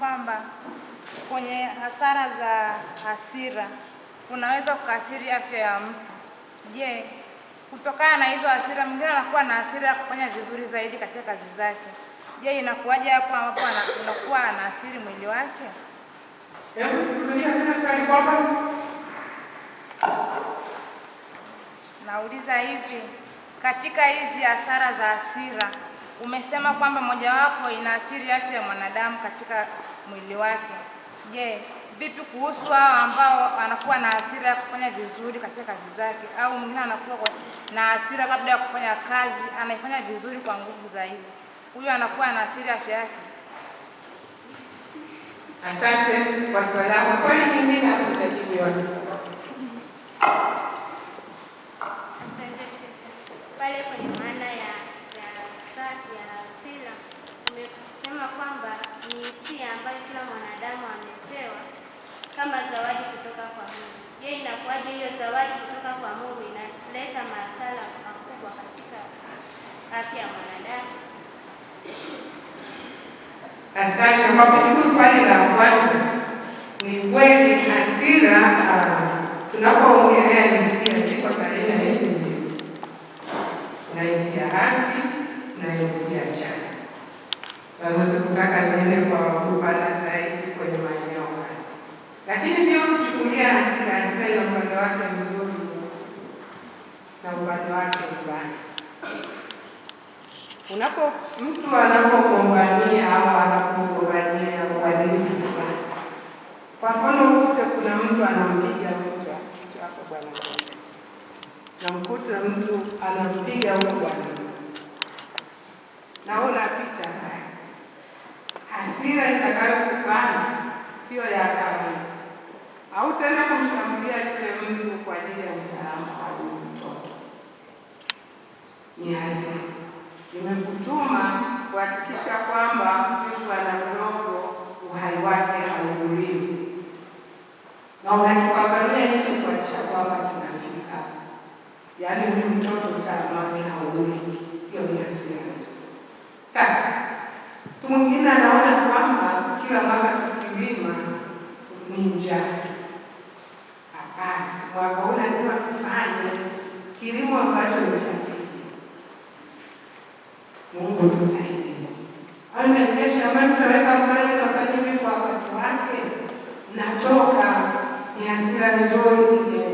kwamba kwenye hasara za hasira unaweza kuathiri afya ya mtu. Je, kutokana na hizo hasira, mwingine anakuwa na hasira ya kufanya vizuri zaidi katika kazi zake. Je, inakuwaje hapo ambapo anakuwa anaathiri mwili wake? Nauliza hivi, katika hizi hasara za hasira Umesema kwamba mojawapo asiri afya ya mwanadamu katika mwili wake. Je, vipi kuhusu hao ambao anakuwa na asira ya kufanya vizuri katika kazi zake, au mwingine anakuwa na asira labda ya kufanya kazi, anaifanya vizuri kwa nguvu zaidi, huyo anakuwa na asiri afya yake? Asante kwa swali lako. Swali nyingine hakujibiwa. kama zawadi kutoka kwa Mungu. Je, inakuwaje hiyo zawadi kutoka kwa Mungu inaleta masala makubwa katika afya ya mwanadamu? Asante kwa kujibu swali la kwanza. Ni kweli hasira uh, anampiga bwana, naona pita haya. Hasira itakayokupanda siyo ya kawaida. tena kumshambulia yule mtu kwa ajili ya usalama wa huyu mtoto, ni hasira. imekutuma kuhakikisha kwamba mtu ana mdogo uhai wake hauguliwi na unakipambania hicho yaani huyu mtoto sana wake haudhuriki. Hiyo ni hasira sasa. Mtu mwingine anaona kwamba kila mara tukilima ni njaa. Hapana, mwaka huu lazima tufanye kilimo ambacho ni cha tija. Mungu tusaidie. Au kesha shambani, utaweka mbolea, utafanya hivi kwa watu wake, natoka ni hasira nzuri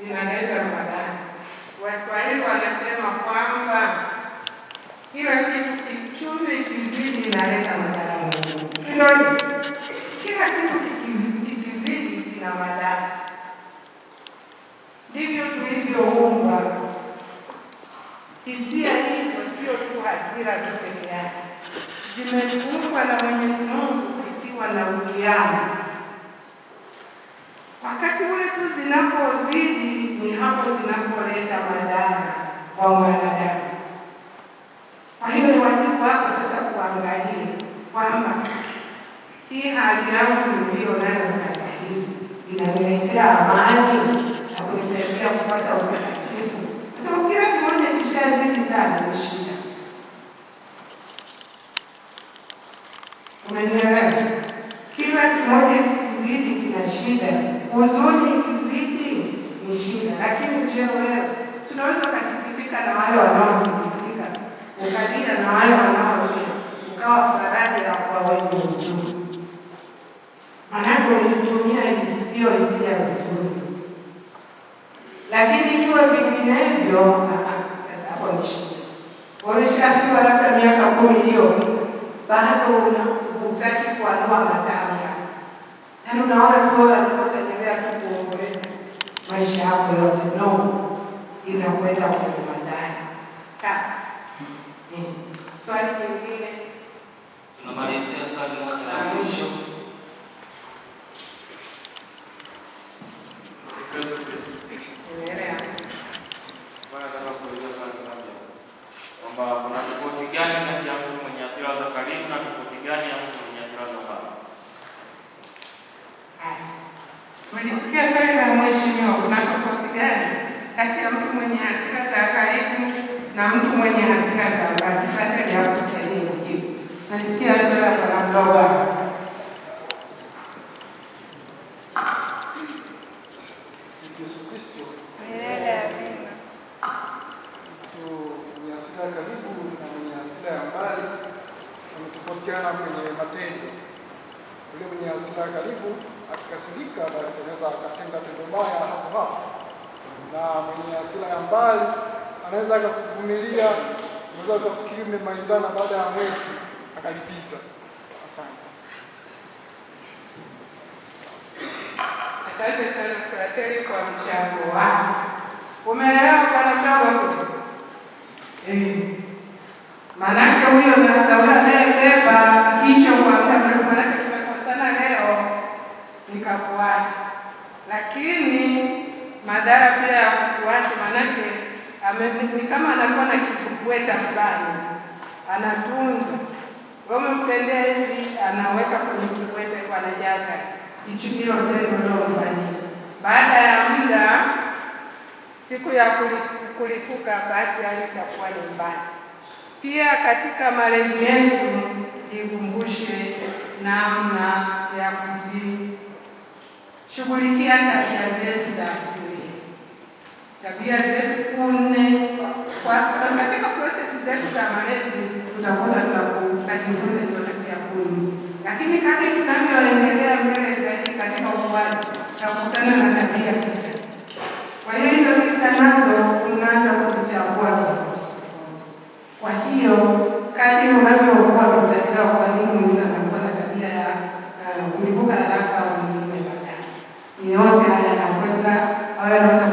linaleta Ramadhani. Waswahili wanasema kwamba kila kitu kichumi kizidi kinaleta madhara, si Kila kitu kikizidi kina madhara. Ndivyo tulivyoumbwa. Hisia hizo sio tu hasira tu peke yake, zimefungwa na Mwenyezi Mungu zikiwa na uwiano zinapozidi ni hapo zinapoleta madhara kwa mwanadamu. Kwa hiyo ni wajibu wako sasa kuangalia kwamba hii hali yangu niliyo nayo sasa hivi inaniletea amani na kunisaidia kupata utakatifu. Sasa kila kimoja kishazidi sana ni shida, umenielewa? Kila kimoja kizidi kina shida, huzuni kushinda, lakini je, leo tunaweza unaweza ukasikitika na wale wanaosikitika, ukalia na wale wanaolia, ukawa faraja ya kwa wenye huzuni? Maanake ulitumia isiyo hisia nzuri, lakini iwe vinginevyo, sasa hapo ni shida. Umeshafiwa labda miaka kumi iliyopita, bado hutaki kuanua matanga, yaani unaona maisha yako yote no, ila kwenye madai. Sawa, hmm. swali lingine tunamalizia swali moja la mwisho. kuna tofauti gani kati ya mtu mwenye hasira za karibu na tofauti gani ya mtu mwenye hasira za mbali? Mheshimiwa, kuna tofauti gani kati ya mtu mwenye hasira za karibu na mtu mwenye hasira za mbali? Hata japo sasa ni mjibu, nasikia sura za mdogo mbali, anaweza akakuvumilia, unaweza ukafikiri mmemalizana, baada ya mwezi akalipiza. Asante. Asante sana frateli kwa mchango wako. Umeelewa kana mchango eh, maanake huyo nadawla nayebeba hicho maanake tumekosana leo nikakuacha, lakini madhara pia ya kuache, maanake ni kama anakuwa na kikubweta fulani anatunza wamemtendea hivi, anaweka kwenye kibwete kwa anajaza ichikilo tendo lilofanyia. Baada ya muda, siku ya kulipuka, basi hali itakuwa ni mbaya. Pia katika malezi yetu jikumbushe namna ya kuzishughulikia tabia zetu za tabia zetu kune kwa Katika prosesi zetu za malezi utakuta tunajifunza zote pia kumi, lakini kati tunavyoendelea mbele zaidi katika ukuaji tutakutana na tabia tisa. Kwa hiyo hizo tisa nazo unaanza kuzichagua tofauti. Kwa hiyo kadri unavyokuwa utaelewa kwa nini mtu na tabia ya eh, kulipuka haraka au nyingine baadaye. yote haya yanakwenda au yanaweza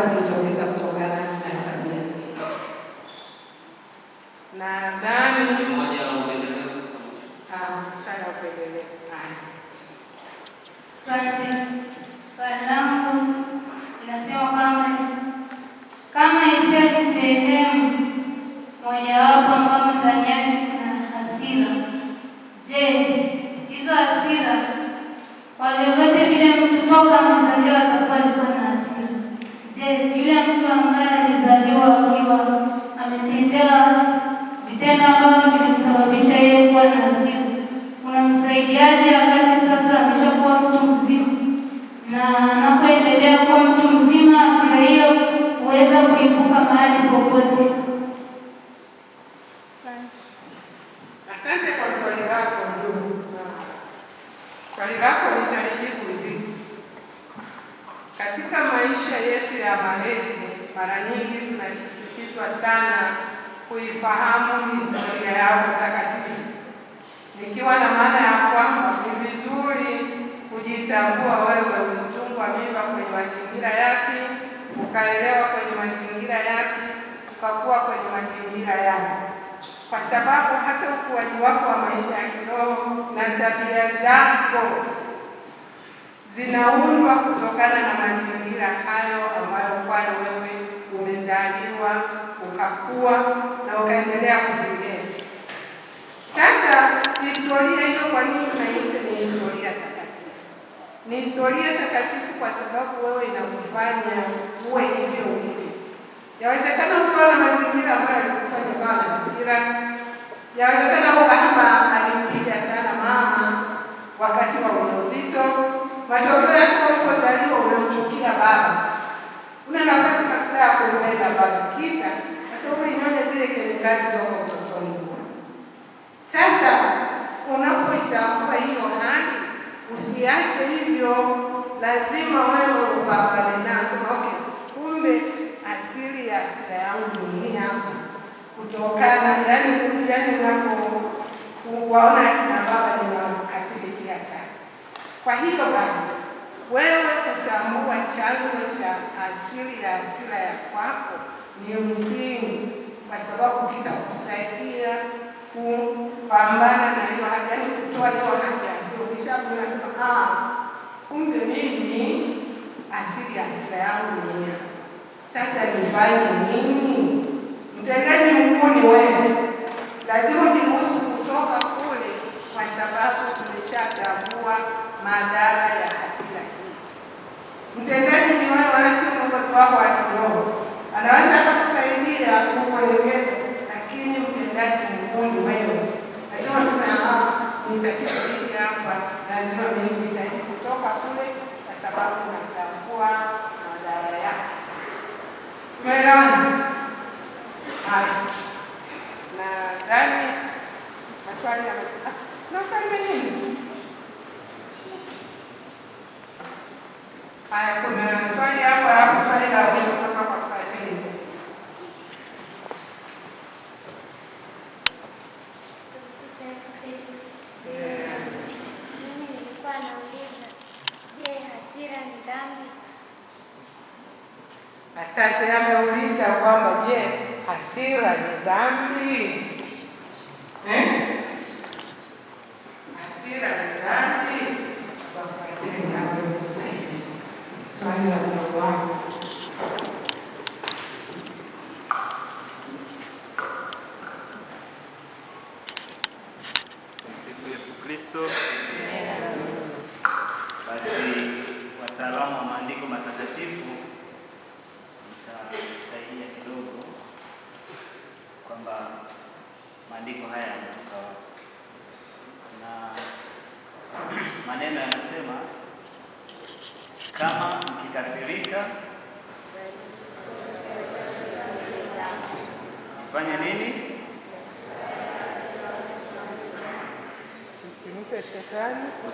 Anajuaje wakati sasa ameshakuwa mtu mzima na anapoendelea kuwa mtu mzima, hasira hiyo huweza kuibuka mahali popote. kwa sababu hata ukuaji wako wa maisha ya kiroho na tabia zako zinaundwa kutokana na mazingira hayo ambayo kwayo wewe umezaliwa ukakua na ukaendelea kuvilea. Sasa historia hiyo, kwa nini tunaiita ni historia takatifu? Ni historia takatifu kwa sababu wewe inakufanya uwe hivyo ulivyo Yawezekana ukawa na mazingira ambayo alikufanya ukawa na hasira. Yawezekana baba alimpiga sana mama wakati wa ujauzito. Matokeo yake ulipozaliwa unamchukia baba, una nafasi kabisa ya kumpenda baba, kisa kwa sababu ulinyonya zile kemikali toka utotoni. Sasa unapoitambua hiyo hali, usiache hivyo, lazima wewe upambane nazo. Okay kasira yangu nini yangu kutokana, yani nako unapowaona akina baba ninawakasirikia sana. Kwa hivyo basi, wewe kutambua chanzo cha asili ya hasira ya kwako ni msingi, kwa sababu kitakusaidia kupambana na hiyo hali, yaani kutoa hiyo hali ya hasira. ah, kumbe mimi asili ya hasira yangu nini sasa nifanye nini? Mtendaji mkuu ni wewe, lazima niruhusu kutoka kule, kwa sababu tumeshatambua madhara ya hasira hii. Mtendaji ni wewe, wala si wako wa kiroho. Anaweza kakusaidia kukuelekeza, lakini mtendaji mkuu ni wewe. Lazima sema ah, ni tatizo hili hapa, lazima mimi nitaji kutoka kule, kwa sababu natambua Meelewana? Haya, kuna swali hapa, swali la Sasa tunameuliza kwamba je, hasira ni dhambi eh? hasira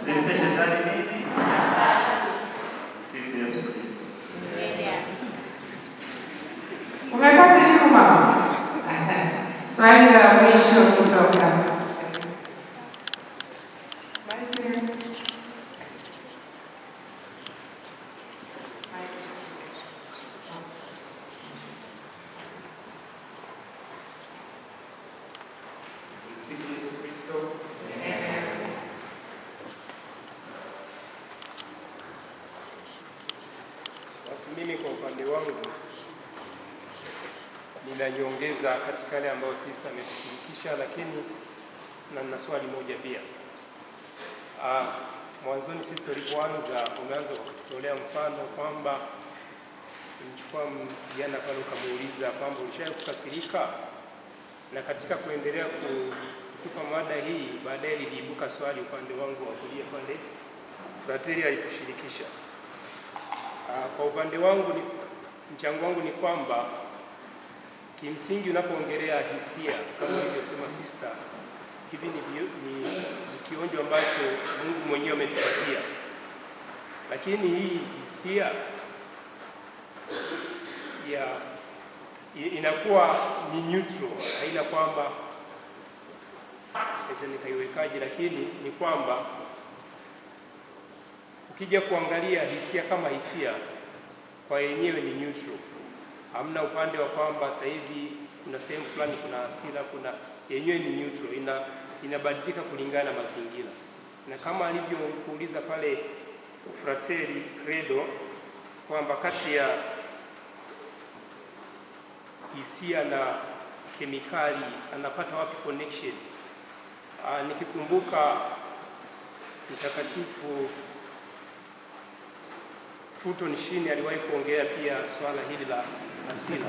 Msimpe shetani nini? Msimpe Yesu Kristo. Umepata hiyo mama? Swali la mwisho kutoka kushirikisha, lakini na nina swali moja pia. Ah, mwanzoni sisi tulipoanza umeanza kwa kututolea mfano kwamba mchukua kijana pale ukamuuliza kwamba ulishawahi kukasirika, na katika kuendelea kutupa mada hii baadaye liliibuka swali upande wangu wa kulia pale, Frateli alitushirikisha. Ah, kwa upande wangu, mchango wangu ni kwamba Kimsingi unapoongelea hisia kama ilivyosema sister, hivi ni, ni, ni kionjo ambacho Mungu mwenyewe ametupatia, lakini hii hisia ya inakuwa ni neutral, haina kwamba naweza nikaiwekaje, lakini ni kwamba ukija kuangalia hisia kama hisia kwa yenyewe ni neutral hamna upande wa kwamba sasa hivi kuna sehemu fulani kuna hasira, kuna yenyewe ni neutral, ina inabadilika kulingana na mazingira, na kama alivyokuuliza pale Frateri Credo kwamba kati ya hisia na kemikali anapata wapi connection? Ah, nikikumbuka mtakatifu Futon Shini aliwahi kuongea pia swala hili la asila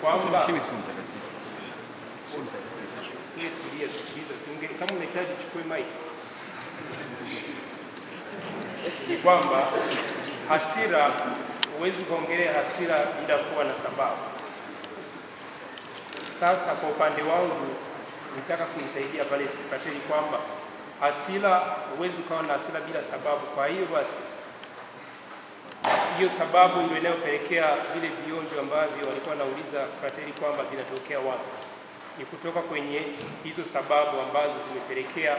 kwamba kama unahitaji chukue mic ni kwamba hasira, huwezi ukaongelea hasira bila kuwa na sababu. Sasa kwa upande wangu nitaka kumsaidia pale Frateli kwamba hasira, huwezi ukawa na hasira bila sababu. Kwa hiyo basi ndiyo sababu ndio inayopelekea vile vionjo ambavyo walikuwa wanauliza frateli kwamba vinatokea wapi, ni kutoka kwenye hizo sababu ambazo zimepelekea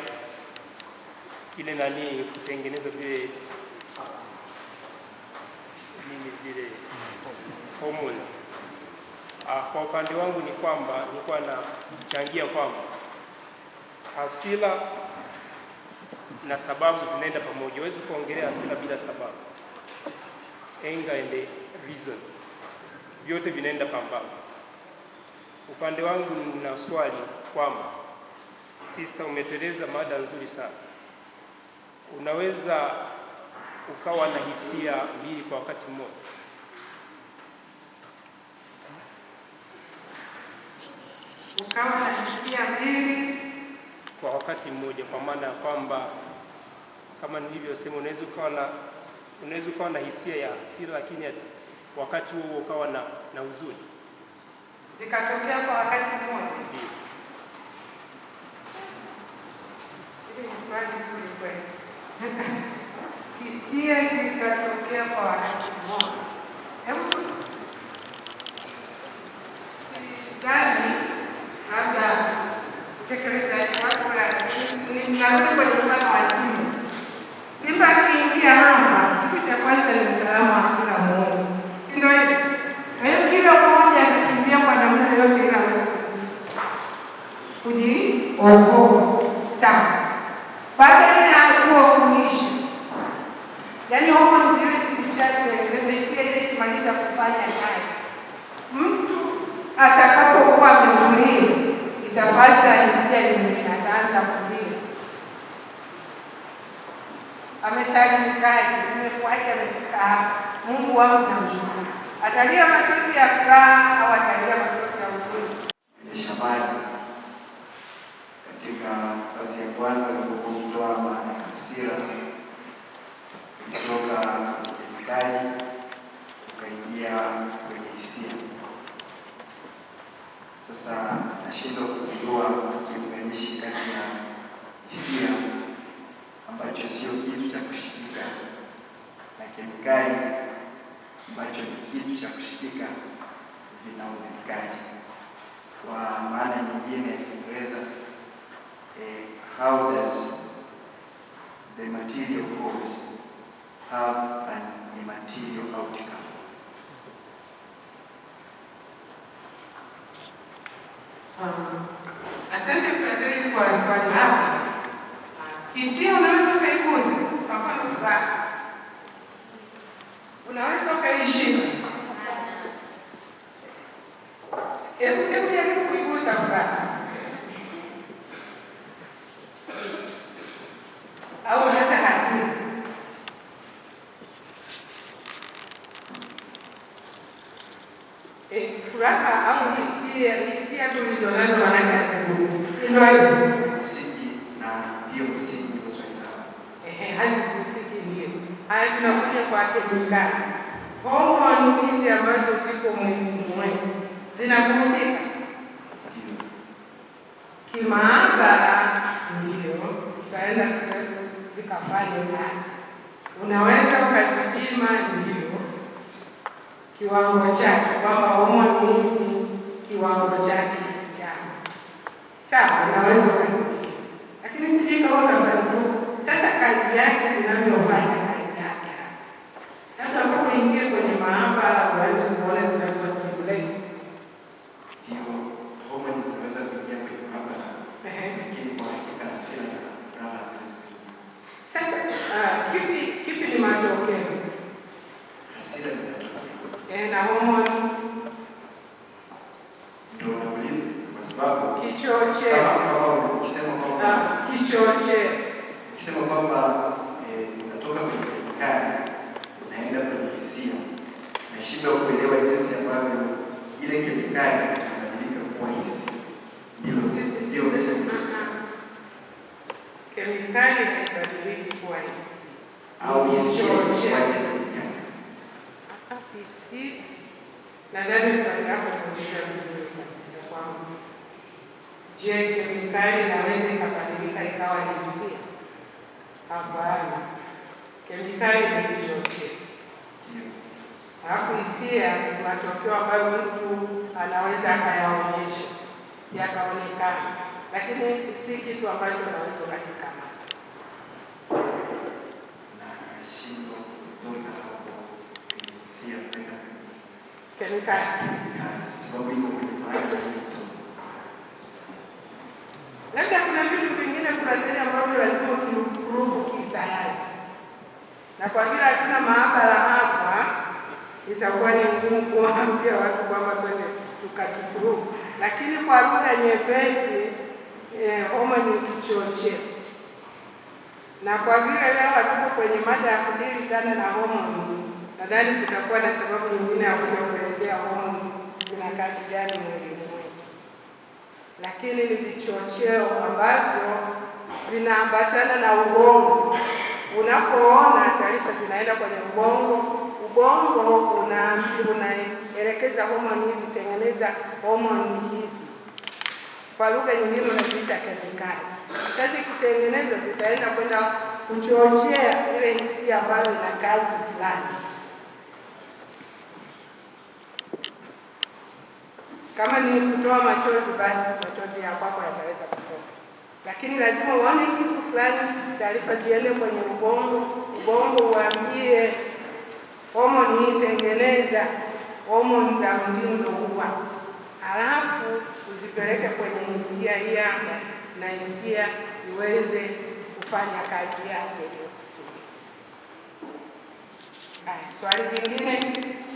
ile nani kutengeneza vile nini zile hormones. Ah, kwa upande wangu ni kwamba nilikuwa nachangia kwamba hasira na sababu zinaenda pamoja, huwezi kuongelea hasira bila sababu anger and reason, vyote vinaenda pambana. Upande wangu nina swali kwamba sister, umeteleza mada nzuri sana. Unaweza ukawa na hisia mbili kwa wakati mmoja ukawa na hisia mbili kwa wakati mmoja, kwa maana ya kwamba kama nilivyosema, unaweza ukawa na unaweza ukawa na hisia ya hasira, lakini wakati huo ukawa na, na uzuri zikatokea kwa wakati mmoja. Hisia zikatokea kwa wakati mmoja. Labda utekelezaji wako lazima wao tunamshukuru. Atalia machozi ya furaha au atalia machozi ya huzuni. Ni shabani katika kazi ya kwanza nilipokuwa maana ya hasira kutoka kemikali tukaingia kwenye hisia. Sasa nashindwa kujua kiunganishi kati ya hisia ambacho sio kitu cha kushikika na kemikali ambacho ni kitu cha kushikika vinaongezekaje? Kwa maana nyingine ya Kiingereza eh, how does the material cause have an immaterial outcome? Um, asante kwa swali lako. Uh, hisia unaweza ukaigusa kwa mfano furaha unaweza ukaishika. Hebu jaribu kuigusa fulani au hata hasira. Eh, furaha au hisia hisia tulizonazo, maanake hazigusi, si ndio? na tunakuja kwake dukani. Hongo hizi ambazo ziko mwilini mwetu zinahusika kimaabara, ndio tutaenda zikafanye kazi. Unaweza ukazipima, ndio kiwango chake, kwamba homoni hizi kiwango chake sawa, unaweza ukazipima, lakini sijui kama utafanikiwa. Sasa kazi yake zinavyofanya தெரியுமா Nadhani swali lako kuuliza vizuri kabisa kwamba je, kemikali inaweza ikabadilika ikawa hisia Hapana, kemikali ni kichocheo, alafu hisia ni matokeo ambayo mtu anaweza akayaonyesha yakaonekana, lakini si kitu ambacho anaweza ukakikana serikali labda kuna vitu vingine fulani ambavyo lazima ukiuruvu kisayansi, na kwa vile hatuna maabara hapa, itakuwa ni ngumu kuwaambia watu kwamba twende tukakikuruvu, lakini kwa lugha nyepesi eh, homo ni kichocheo na kwa vile leo hatuko kwenye mada ya kudili sana na homoni, nadhani kutakuwa na sababu nyingine ya kuja kuelezea homoni zina kazi gani mwilini mwetu, lakini ni vichocheo ambavyo vinaambatana na ubongo. Unapoona taarifa zinaenda kwenye ubongo, ubongo unaelekeza una homoni hizi, tengeneza homoni hizi, kwa lugha nyingine unaziita kemikali. Sasa kutengeneza zitaenda kwenda kuchochea ile hisia ambayo ina kazi fulani. Kama ni kutoa machozi, basi machozi ya kwako yataweza kutoka, lakini lazima uone kitu fulani, taarifa ziende kwenye ubongo, ubongo uambie homoni hii, tengeneza homoni za mtindo huwa, halafu uzipeleke kwenye hisia yako na hisia iweze kufanya kazi yake iliyokusudia. Swali jingine